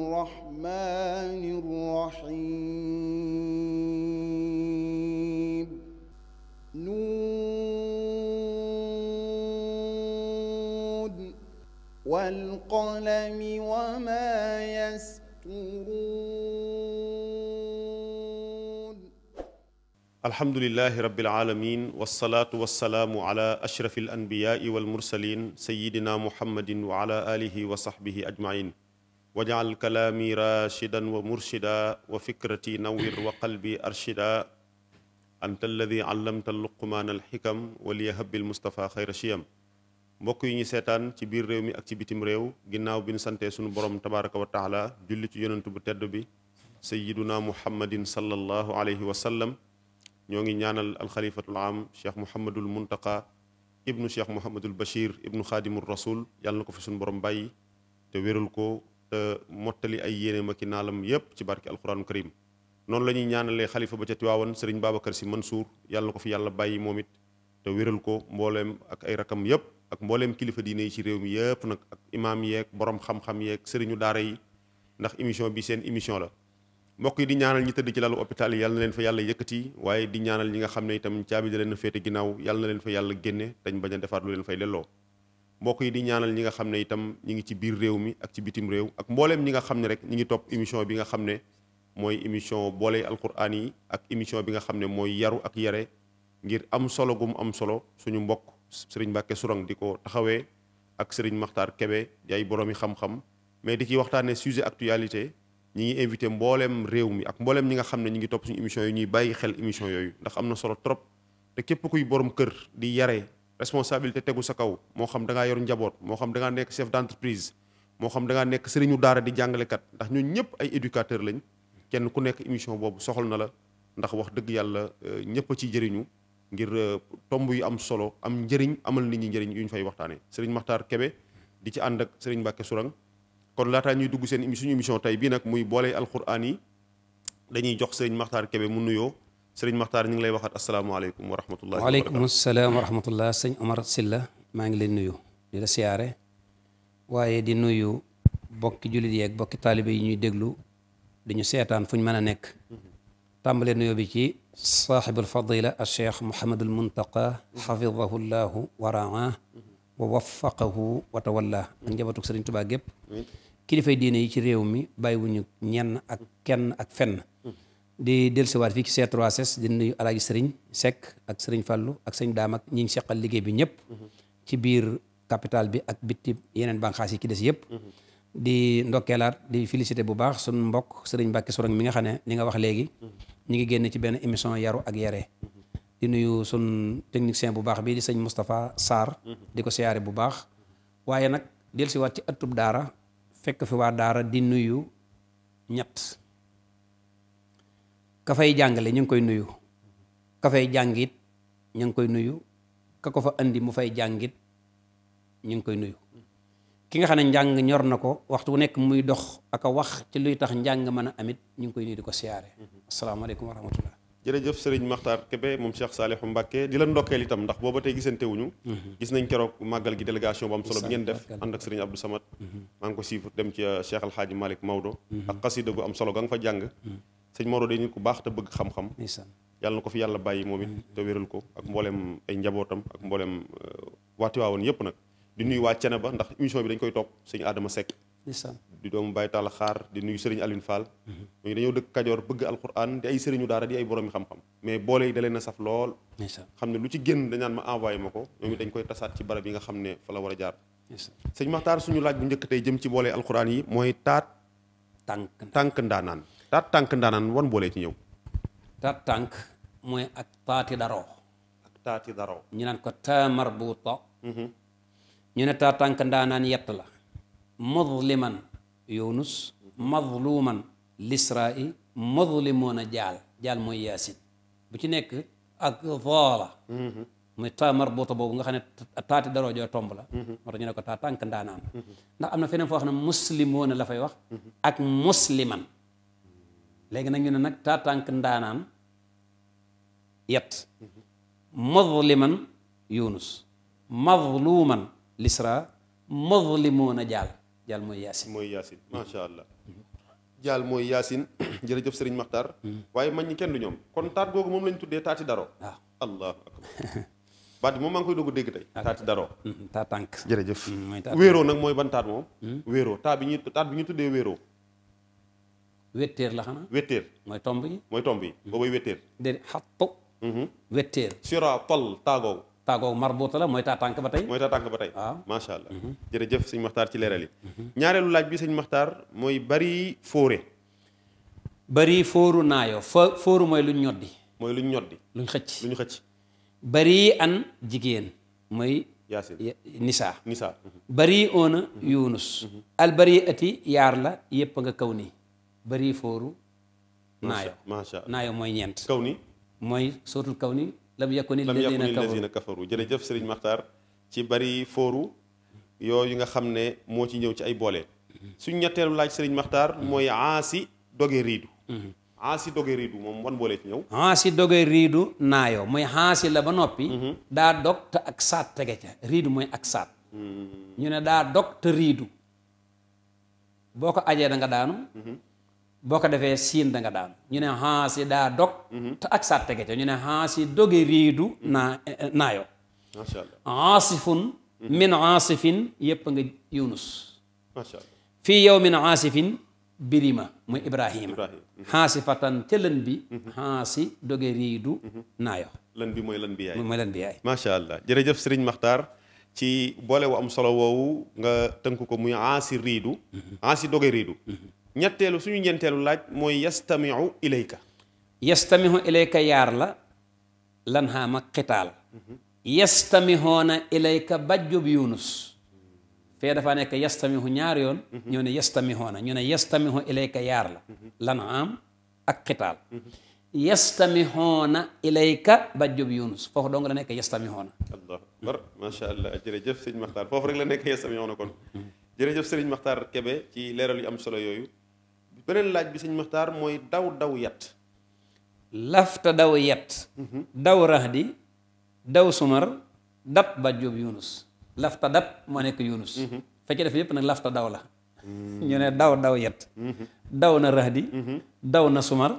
الرحمن الرحيم نون والقلم وما يسطرون الحمد لله رب العالمين والصلاة والسلام على أشرف الأنبياء والمرسلين سيدنا محمد وعلى آله وصحبه أجمعين wajal kalaami rashidan wa murshida wa fikrati nawwir wa qalbi arshida anta alladi allamta luqmaana alxikam mustafa xayra shiyam mbokk yi ñu seetaan ci biir réew mi ak ci bitim réew ginnaaw bi ñu santee sunu borom tabaraka wa taala julli ci yonent bu tedd bi sayiduna muhammadin sallallahu alayhi wa sallam ñoo ngi ñaanal alxalifatul am cheikh muhammadul muntaqa ibnu cheikh muhammadul bashir ibnu xaadimul rasul yàlla na ko fi sunu borom bàyyi te wérul ko te mottali ay yéeneem ak i naalam yépp ci barke alquranu karim noonu la ñuy ñaanalee xalifa ba ca Tiwaawan sëriñ Babacar Si Mansour yàlla na ko fi yàlla bàyyi moom it te wéral ko mbooleem ak ay rakam yépp ak mbooleem kilifa diine yi ci réew mi yépp nag ak imaam yeeg borom xam-xam yeeg sëriñu daara yi ndax émission bi seen émission la mbokk yi di ñaanal ñi tëdd ci lalu hôpital yi yàlla na leen fa yàlla yëkkati waaye di ñaanal ñi nga xam ne itam caabi da leen ginnaaw yàlla leen fa yàlla génne dañ bañ a defaat lu leen fay delloo mbokk yi di ñaanal ñi nga xam ne itam ñi ngi ci biir réew mi ak ci bitim réew ak mbooleem ñi nga xam ne rek ñi ngi topp émission bi nga xam ne mooy émission booley alquran yi ak émission bi nga xam ne mooy yaru ak yare ngir am solo gum am solo suñu mbokk sëriñ Mbàkke Sourang di ko taxawee ak sëriñ Maxtaar Kebe di ay boroomi xam-xam mais di ci waxtaanee sujet actualité ñi ngi invité mbooleem réew mi ak mbooleem ñi nga xam ne ñi ngi topp suñu émission yi ñuy bàyyi xel émission yooyu ndax am na solo trop te képp kuy borom kër di yare responsabilité tegu sa kaw moo xam da ngaa yor njaboot moo xam da nekk chef d'entreprise moo xam da nekk sëriñu daara di jàngalekat ndax ñun ñëpp ay éducateur lañ kenn ku nekk émission boobu soxal na la ndax wax dëgg yàlla euh, ñëpp a ci jëriñu ngir euh, tomb yu am solo am njëriñ amal nit ñi njëriñ yu ñu fay waxtaanee sëriñ Makhtar Kebe di ci ànd ak sëriñ Mbacke Sourang kon laataa ñuy dugg seen suñu émission tey bii nag muy boole alxuraan yi dañuy jox sëriñ Makhtar Kebe mu nuyoo. sëriñ Maxtaar ñu ngi lay waxaat asalaamaaleykum wa rahmatullah waaleykum salaam wa rahmatullah sëñ Omar Silla maa ngi leen nuyu di la siyaare waaye di nuyu bokki jullit yeeg bokki taalibe yi ñuy déglu di ñu seetaan fu ñu mën a nekk tàmbalee nuyoo bi ci saaxibul fadila al cheikh Mouhamadul Muntaqa xafidahu llahu wa raah wa waffaqahu wa tawalla ak njabatuk sëriñ Tubaa gépp kilifay diine yi ci réew mi bàyyiwuñu ñenn ak kenn ak fenn di dellusiwaat fii ci C3S di nuyu alaaji sëriñ Seck ak sëriñ fàllu ak sëñ daamak ak ngi seqal liggéey bi ñëpp ci biir capital bi ak bitti yeneen banqaas yi ci des yëpp di ndokkeelaat di félicité bu baax suñ mbokk sëriñ Mbàkke Sorong mi nga xam ne li nga wax léegi ñu ngi génne ci benn émission yaru ak yare di nuyu sun technicien bu baax bi di sëñ Moustapha Sarr di ko seyaare bu baax waaye nag dellusiwaat ci ëttub daara fekk fi waa daara di nuyu ñett ka fay jàngale ñu ngi koy nuyu ka fay jàngit ñu ngi koy nuyu ka ko fa indi mu fay jàngit ñu ngi koy nuyu ki nga xam ne njàng ñor na ko waxtu nekk muy dox ak a wax ci luy tax njàng mën a amit ñu ngi koy nuyu di ko siyaare asalaamaaleykum wa rahmatullah jërëjëf sëriñ Makhtar Kébé moom Cheikh Saliou Mbacké di la ndokkeel itam ndax booba tey gisante wuñu mhm. gis nañ keroog màggal gi délégation bu am solo bi ngeen def ànd ak sëriñ Abdou Samad mhm. maa ngi ko dem ci Cheikh Alhaaji Malick Maodo mhm. am solo ga nga fa jàng sëñ Moro day nit ku baax te bëgg xam-xam yàlla na ko fi yàlla bàyyi moom it te wéral ko ak mboolem ay njabootam ak mboolem euh, waati waawoon yëpp nag di nuyu waa Cene ba ndax émission bi dañ koy topp sëñ Adama Seck di doomu Baye Talla Xaar di nuyu Serigne Aline Fall mm-hmm. ñooñu dañoo dëkk Kajoor bëgg alquran di ay sëriñu daara di ay borom yi xam mais boole yi da a saf lool xam ne lu ci génn dañaan ma envoyé ma ko ñoom it dañ koy tasaat ci barab yi nga xam ne fa war a jaar sëñ Maxtaar suñu laaj bu njëkk tey jëm ci boole alquran yi mooy taat tànk tànk ndaanaan taat tànk ndaanaan wan boole ci ñëw. taat tànk mooy ak taati daroo. ak taati daroo. ñu naan ko taa marbuuta. Mm-hmm. ñu ne taat tànk ndaanaan yett la. mudliman yunus madluman lisraai mudlimoona jaal jaal mooy yaasin bu ci nekk ak voola muy mm-hmm. taa marbuuta boobu xam ne taati daroo joo la mm-hmm. moo tànk ndaanaan ndax am na feneen foo xam ne muslimoona la fay wax ak musliman léegi nag ñu ne nag taatànk ndaanaan yet mazliman yunus mazluman lisra a jaal jaal mooy yaasin mooy yaasin macha allah jaal mooy yaasin jërëjëf sëriñ maxtaar hmm. waaye mag ñi kenn du ñoom kon taat googu moom lañu tuddee taati daro waaw allahu akbar baat bi moom maa ngi koy doog a dégg tey taati daro hmm, taatànk jërëjëf hmm, wéeroo nag mooy ban taat moom wéeroo taat bi ñuy taat bi ñu tuddee wéeroo wetteer la xanaa. wetteer mooy tomb yi. mooy tomb yi boobay wetteer. déedéet xattu. Mhm. wetteer. sura tol taagoow. taagoow marbuuta la mooy taa tànk ba tey. mooy taa tànk ba tey. waaw macha allah. Mhm. jërëjëf sëñ Maxtaar ci leeral mhm. ñaareelu laaj bi sëñ Maxtaar mooy bari fóore. bari fóoru naayoo fa fóoru mooy luñ ñoddi. mooy luñ ñoddi. luñ xëcc luñ xëcc. bari an jigéen mooy. yaasin nisaa. nisaa. bari oona yunus. albariati yaar la yépp nga kaw nii. bëri fooru naayo naayo mooy ñeent kaw ni mooy sootul kaw ni lam yakuni lazina kafaru jërëjëf sëriñ Maxtaar ci bëri fooru yooyu nga xam ne moo ci ñëw ci ay boole suñ ñetteelu laaj sëriñ Maxtaar mooy aasi doge riidu mhm. aasi doge riidu moom wan boole ci ñëw aasi doge riidu naayo mooy aasi la ba noppi mhm. daa dog te ak saat tege ca riidu mooy ak saat mhm. ñu ne daa dog te riidu boo ko ajee da nga daanu boo ko defee siin da nga daan ñu ne hansi daa dog te ak saat tege ca ñu ne hansi doge riidu naa eh, naayo macha allah aasifun min aasifin yépp nga yunus macha allah fii yow min aasifin birima muy ibrahima mhm. haasifatan ca lën bi hansi doge riidu naayo lan bi mooy lan bi yaay mooy lan bi yaay macha allah jërëjëf sëriñ maxtaar ci boole wu am solo woowu nga tënk ko muy hansi riidu hansi mhm. doge riidu mhm. ñetteelu suñu ñeenteelu laaj mooy yastamiu ilayka yastamihu ilayka yaar la lan xaama xitaal mhm. yastamihona ilayka bajjub yunus fee dafa nekk yastamihu ñaar yoon ñoo ne yastamihona ñu ne yastamihu ilayka yaar la mhm. lan xaam ak xitaal mhm. yastamihona ilayka bajjub yunus foofu dong la nekk yastamihona allahu akbar macha allah jërëjëf sëñ Maxtaar foofu rek nekk yastamihona jërëjëf sëriñ Maxtaar Kebe ci leeral yu am solo yooyu beneen laaj bi sëñ Maxtaar mooy daw daw yet lafta daw yat mhm. daw rahdi daw sumar dab ba jóob yunus lafta dab moo nekk yunus mhm. fecc def yépp nag lafta daw la mm. ñu ne daw daw yet mhm. daw na rahdi daw na sumar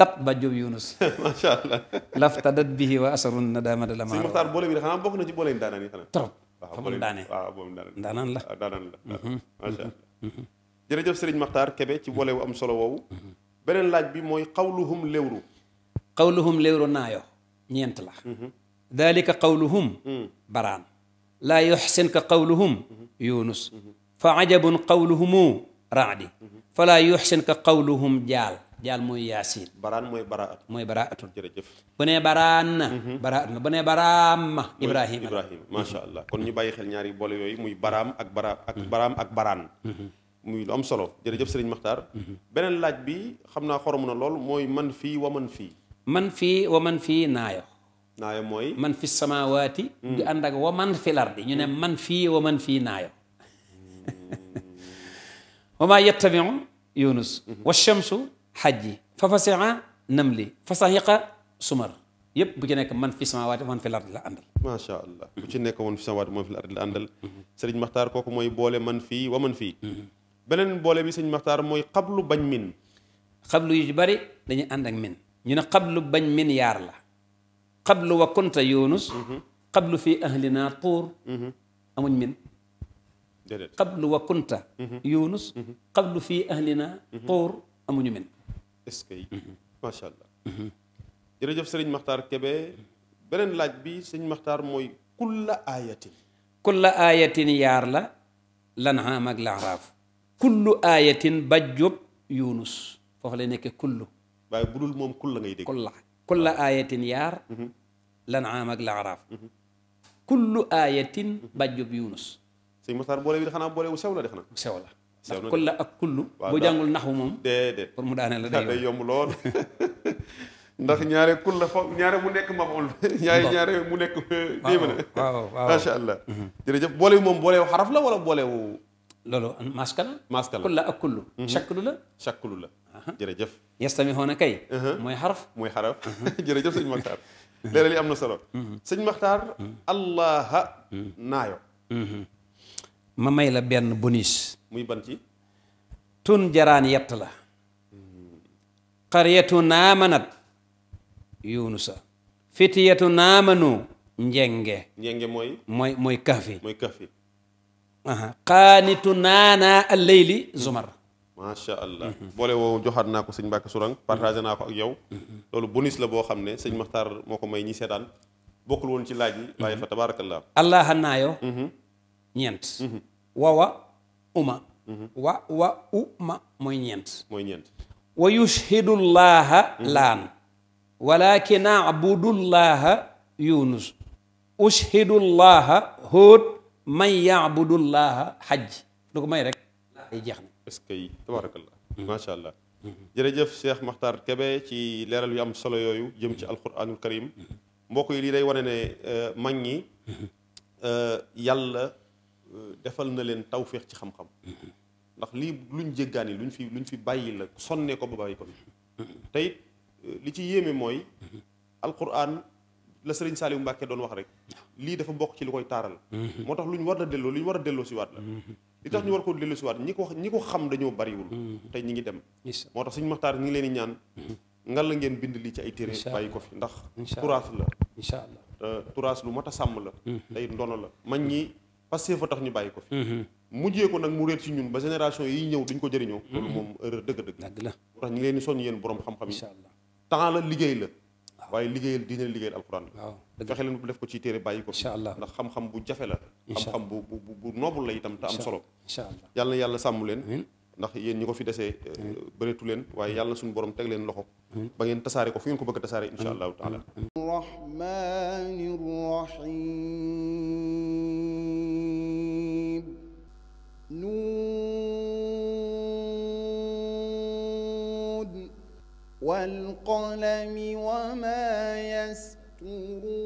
dab ba jóob yunus masha allah lafta dat bihi wa asarun na la maanaam Maxtaar na ci la ah, daanaan allah jërëjëf sëriñ Makhtar Kebe ci volet wu am solo woowu beneen laaj bi mooy xawluhum léwru xawluhum léwru naayo ñeent la mhm. dalika qawluhum mhm. baraan laa yuxsin ka qawluhum mhm. yunus fa ajabun qawluhumu raadi falaa yuxsin ka qawluhum jaal jaal mooy yaasin baraan mooy baraat mooy baraatul jërëjëf bu nee baraan na baraat na bu nee baraam ma ibrahima macha allah kon ñu bàyyi xel ñaari boole yooyu muy baraam ak bara baraam ak baraan muy lu am solo jërëjëf sëriñ Maxtaar. Mhm. beneen laaj bi xam naa xorom na lool mooy man fii wa man fii. man fii man fii naayo. naayo mooy. man fi samaawaati. Mm. di ànd ak wa man fi lardi ñu ne mm. man fii wa man fii naayo. wa maa yattabiu yunus mm-hmm. wa shamsu xajji fa fasiqa namli fa saxiqa bu nekk man fi samaawaati man fi lardi la àndal. macha ci nekk man fi samaawaati man fi lardi la àndal. sëriñ Maxtaar mm-hmm. kooku mooy boole man fii wa man fii. Mm-hmm. beneen boole bi sëñ Maxtaar mooy xablu bañ min xablu yu ci bari dañuy ànd ak min ñu ne xablu bañ min yaar la xablu wa kunta yunus mhm. xablu fii ahlina tuur mhm. amuñ min xablu wa kunta mhm. yunus xablu fii ahlina tuur amuñu min est-ce que macha Maxtaar Kebe beneen laaj bi sëñ Maxtaar mooy kulla aayatin kulla aayatin yaar la lan am la laaraaf kullu aayatin bajjub yunus foofu la nekk kullu waaye bu dul moom kulla ngay dégg kulla kulla aayatin yaar mhm. lan aam ak la araaf mhm. kullu aayatin bajjub yunus sëñ Mustaar boole bi xanaa boole wu sew la de xanaa sew la ndax kulla ak kullu bu jàngul naxwu moom la day yomb lool ndax ñaare kulla fa ñaare nekk mafool mhm. boole wu xaraf la wala boole wu loolu maska la. maska la kulla ak kullu. Mhm. shaklu la shaklu la. jërëjëf. yastamihuna kay. Uh-huh. mooy xaraf mooy xaraf uh-huh. jërëjëf sëñ Maxtaar. Uh-huh. léeg-léeg am na solo. sëñ Maxtaar. allaha naayo. ma may la benn bonus. muy ban ci. tun jaraan yett la. qaryatu naamanat. yunusa. fitiyatu naamanu. njenge. njenge mooy. mooy mooy kafi. xaanitu naanaa alleyli zumar macha allah boole woo joxaat ko sëñ Mbacke Sourang partagé ko ak yow loolu bonus la boo xam ne sëñ Maxtaar moo ko may ñi seetaan bokkul woon ci laaj yi waaye fa tabaarakallah allah naayo mhm. ñeent wawa mhm. uma mhm. wa wa uma mooy ñeent mooy ñeent wa yushhidu llaha laan walakin abudullaha yunus ushhidu llaha hóot man yaabudullaha xajj du ko may rek ay jeex na est-ce que yi tabarakallah macha allah jërëjëf Cheikh Makhtar kebe ci leeral yu am solo yooyu jëm ci alquranul karim mbokk yi lii day wane ne euh, mag ñi euh, yàlla euh, defal na leen tawféex ci xam-xam ndax lii luñ lu luñ fi luñ fi bàyyi la sonnee ko ba bàyyi ko tey li ci yéeme mooy alquran la sëriñ Saaliw Mbàkke doon wax rek lii dafa bokk ci lu koy taaral mhm. moo tax lu ñu war a delloo lu ñu war a delloo si waat la mhm. li tax ñu war ko delloo si waat ñi ko ñi ko xam dañoo bariwul mhm. tey ñi ngi dem moo tax suñu maxtaar ñi ngi leen di ñaan ngal la ngeen bind lii ci ay téere bàyyi ko fi ndax turaas la incha allah lu mat a sàmm la tey ndono la mag ñi passé fa tax ñu bàyyi ko fi mujjee ko nag mu reet ci ñun ba génération yi ñëw duñ ko jëriñoo loolu moom erreur dëgg-dëgg moo tax ñi ngi leen di soññ yéen borom xam-xam yi temps la liggéey la waaye liggéeyal diine liggéeyal alquran la fexe leen bu def ko ci téere bàyyi ko incha allah ndax xam-xam bu jafe la xam-xam bu bu bu noobul la itam te am solo incha yàlla yàlla sàmm leen ndax yéen ñi ko fi desee eh, bëreetu leen waaye yàlla suñu borom teg leen loxo ba ngeen tasaare ko fu ngeen ko bëgg a tasaare incha allahu taala rahmanir rahim والقلم وما يسطرون